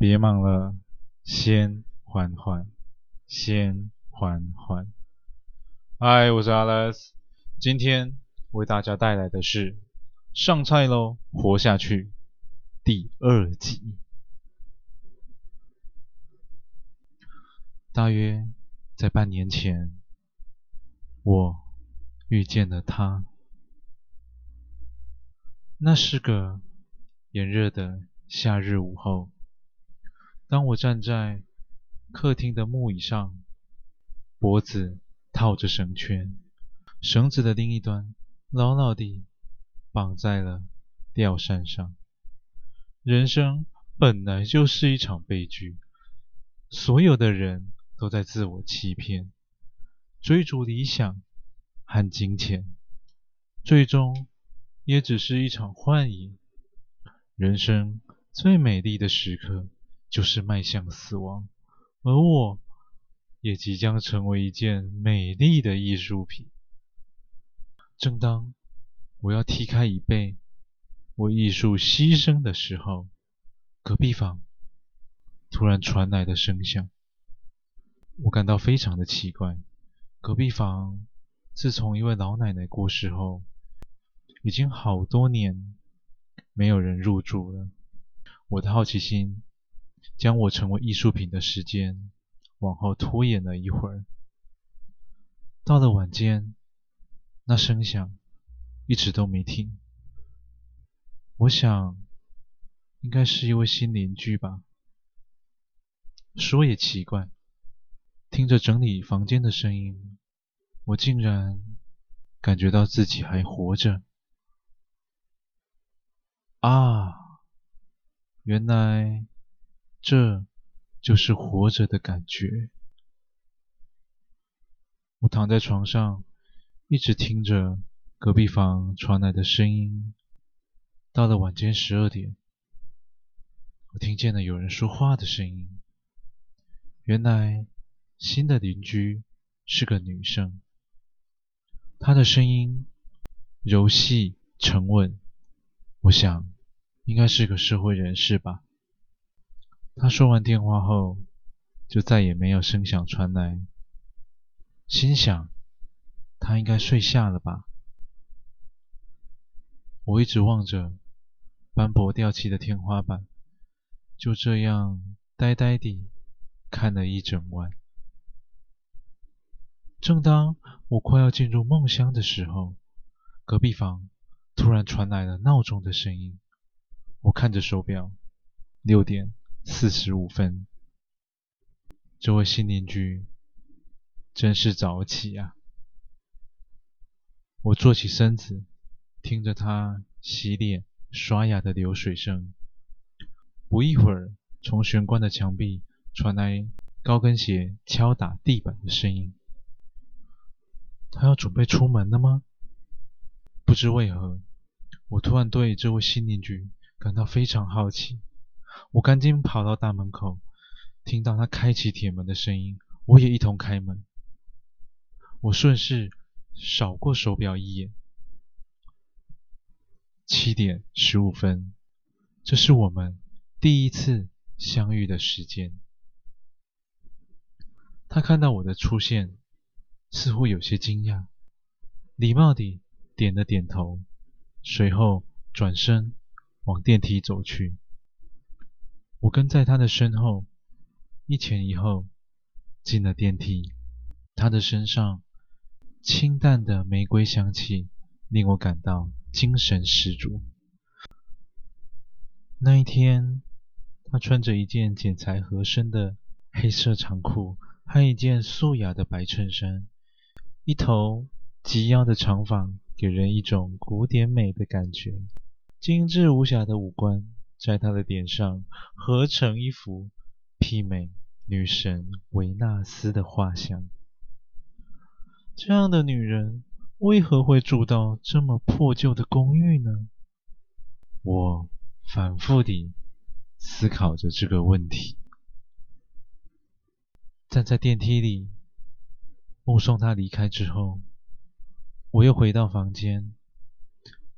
別忙了，先緩緩，先緩緩。嗨，我是 Alex，今天為大家帶來的是《上菜嘍，活下去》第二集。大約在半年前，我遇見了她。那是個炎熱的夏日午後。當我站在客廳的木椅上，脖子套着繩圈，繩子的另一端牢牢地綁在了吊扇上。人生本來就是一場悲劇，所有的人都在自我欺騙，追逐理想和金錢，最終也只是一場幻影。人生最美麗的時刻。就是邁向死亡，而我也即將成為一件美麗的藝術品。正當我要踢開椅背為藝術犧牲的時候，隔壁房突然傳來的聲響，我感到非常的奇怪。隔壁房自從一位老奶奶過世後，已經好多年沒有人入住了。我的好奇心。將我成為藝術品的時間往後拖延了一會兒。到了晚間，那聲響一直都沒停。我想，應該是一位新鄰居吧。說也奇怪，聽着整理房間的聲音，我竟然感覺到自己還活着。啊，原來。這就是活着的感覺。我躺在床上，一直聽着隔壁房傳來的聲音。到了晚間十二點，我聽見了有人說話的聲音。原來，新的鄰居是個女生。她的聲音柔細沉穩，我想，應該是個社會人士吧。他說完電話後，就再也沒有聲響傳來。心想，他應該睡下了吧？我一直望着斑駁掉漆的天花板，就這樣呆呆地看了一整晚。正當我快要進入夢鄉的時候，隔壁房突然傳來了鬧鐘的聲音。我看着手錶，六點。四十五分，這位新鄰居真是早起呀！我坐起身子，聽着她洗臉、刷牙的流水聲。不一會兒，從玄關的牆壁傳來高跟鞋敲打地板的聲音。她要準備出門了嗎？不知為何，我突然對這位新鄰居感到非常好奇。我趕緊跑到大門口，聽到他開啟鐵門的聲音，我也一同開門。我順勢掃過手錶一眼，七點十五分，這是我們第一次相遇的時間。他看到我的出現，似乎有些驚訝，禮貌地點了點頭，隨後轉身往電梯走去。我跟在他的身後，一前一後進了電梯。他的身上清淡的玫瑰香氣令我感到精神十足。那一天，他穿着一件剪裁合身的黑色長褲和一件素雅的白襯衫，一頭及腰的長髮給人一種古典美的感覺，精緻無瑕的五官。在她的臉上合成一幅媲美女神維納斯的畫像。這樣的女人為何會住到這麼破舊的公寓呢？我反復地思考着這個問題。站在電梯裡，目送她離開之後，我又回到房間，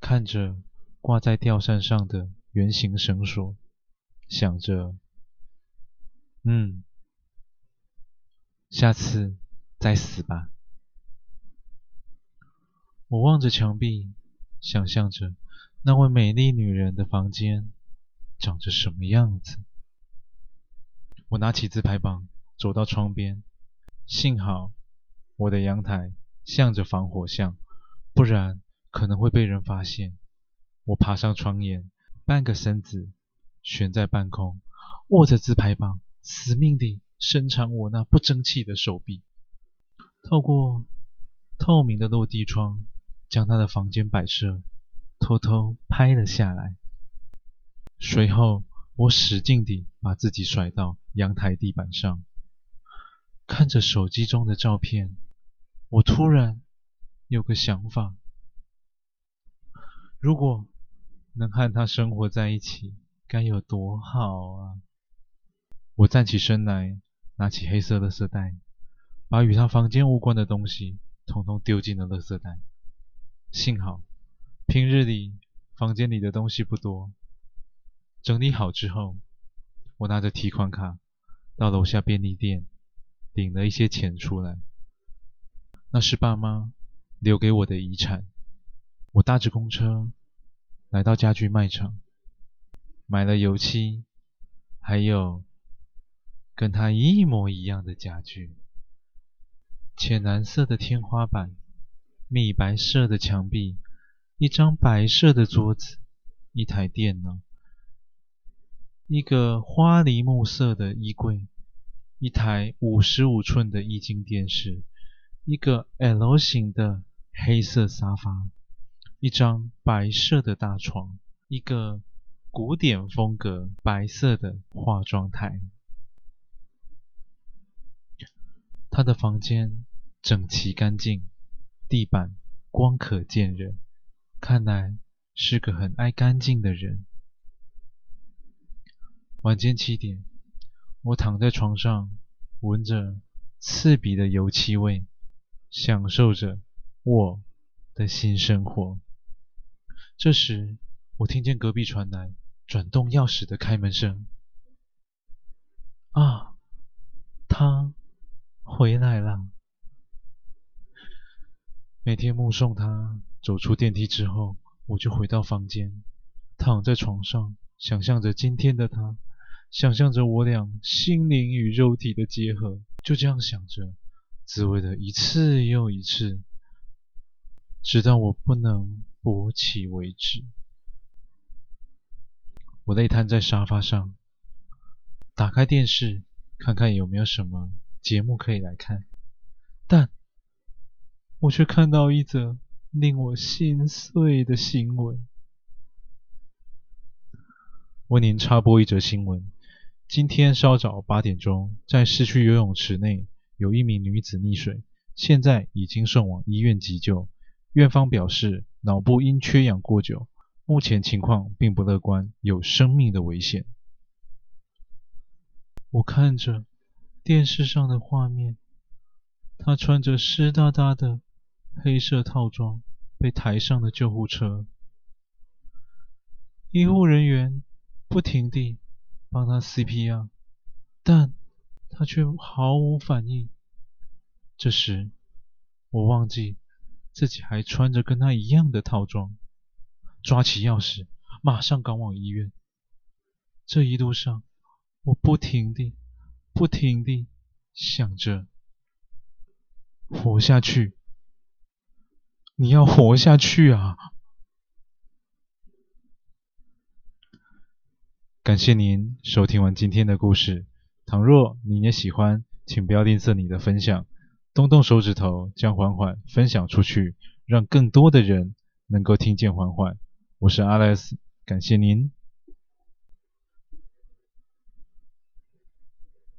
看着掛在吊扇上的。圓形繩索，想着，嗯，下次再死吧！我望着牆壁，想象着那位美麗女人的房間長着什麼樣子。我拿起自拍棒，走到窗邊。幸好我的陽台向着防火巷，不然可能會被人發現。我爬上窗沿。半個身子懸在半空，握着自拍棒，死命地伸長我那不爭氣的手臂，透過透明的落地窗，將她的房間擺設偷偷拍了下來。隨後，我使勁地把自己甩到陽台地板上，看着手機中的照片，我突然有個想法：如果。能和他生活在一起，該有多好啊！我站起身來，拿起黑色垃圾袋，把與他房間無關的東西統統丟進了垃圾袋。幸好平日裡房間裡的東西不多。整理好之後，我拿着提款卡到樓下便利店領了一些錢出來。那是爸媽留給我的遺產。我搭着公車。來到家具賣場，買了油漆，還有跟她一模一樣的家具：淺藍色的天花板，米白色的牆壁，一張白色的桌子，一台電腦，一個花梨木色的衣櫃，一台五十五寸的液晶電視，一個 L 型的黑色沙發。一張白色的大床，一個古典風格白色的化妝台。她的房間整齊乾淨，地板光可鑑人，看來是個很愛乾淨的人。晚間七點，我躺在床上，聞着刺鼻的油漆味，享受着我的新生活。這時，我聽見隔壁傳來轉動鑰匙的開門聲。啊，她回來了。每天目送她走出電梯之後，我就回到房間，躺在床上，想象着今天的她，想象着我倆心靈與肉體的結合。就這樣想着，自慰了一次又一次，直到我不能。勃起為止。我累癱在沙發上，打開電視看看有沒有什麼節目可以來看，但我卻看到一則令我心碎的新聞。為您插播一則新聞：今天稍早八點鐘，在市區游泳池內，有一名女子溺水，現在已經送往醫院急救。院方表示，腦部因缺氧過久，目前情況並不樂觀，有生命的危險。我看着電視上的畫面，她穿着濕答答的黑色套裝，被抬上了救護車。醫護人員不停地幫她 CPR，但她卻毫無反應。這時，我忘記，自己還穿着跟他一樣的套裝，抓起鑰匙，馬上趕往醫院。這一路上，我不停地、不停地想着，活下去。你要活下去啊！感謝您收聽完今天的故事，倘若你也喜歡，請不要吝嗇你的分享。動動手指頭，將緩緩分享出去，讓更多的人能夠聽見緩緩。我是阿萊斯，感謝您。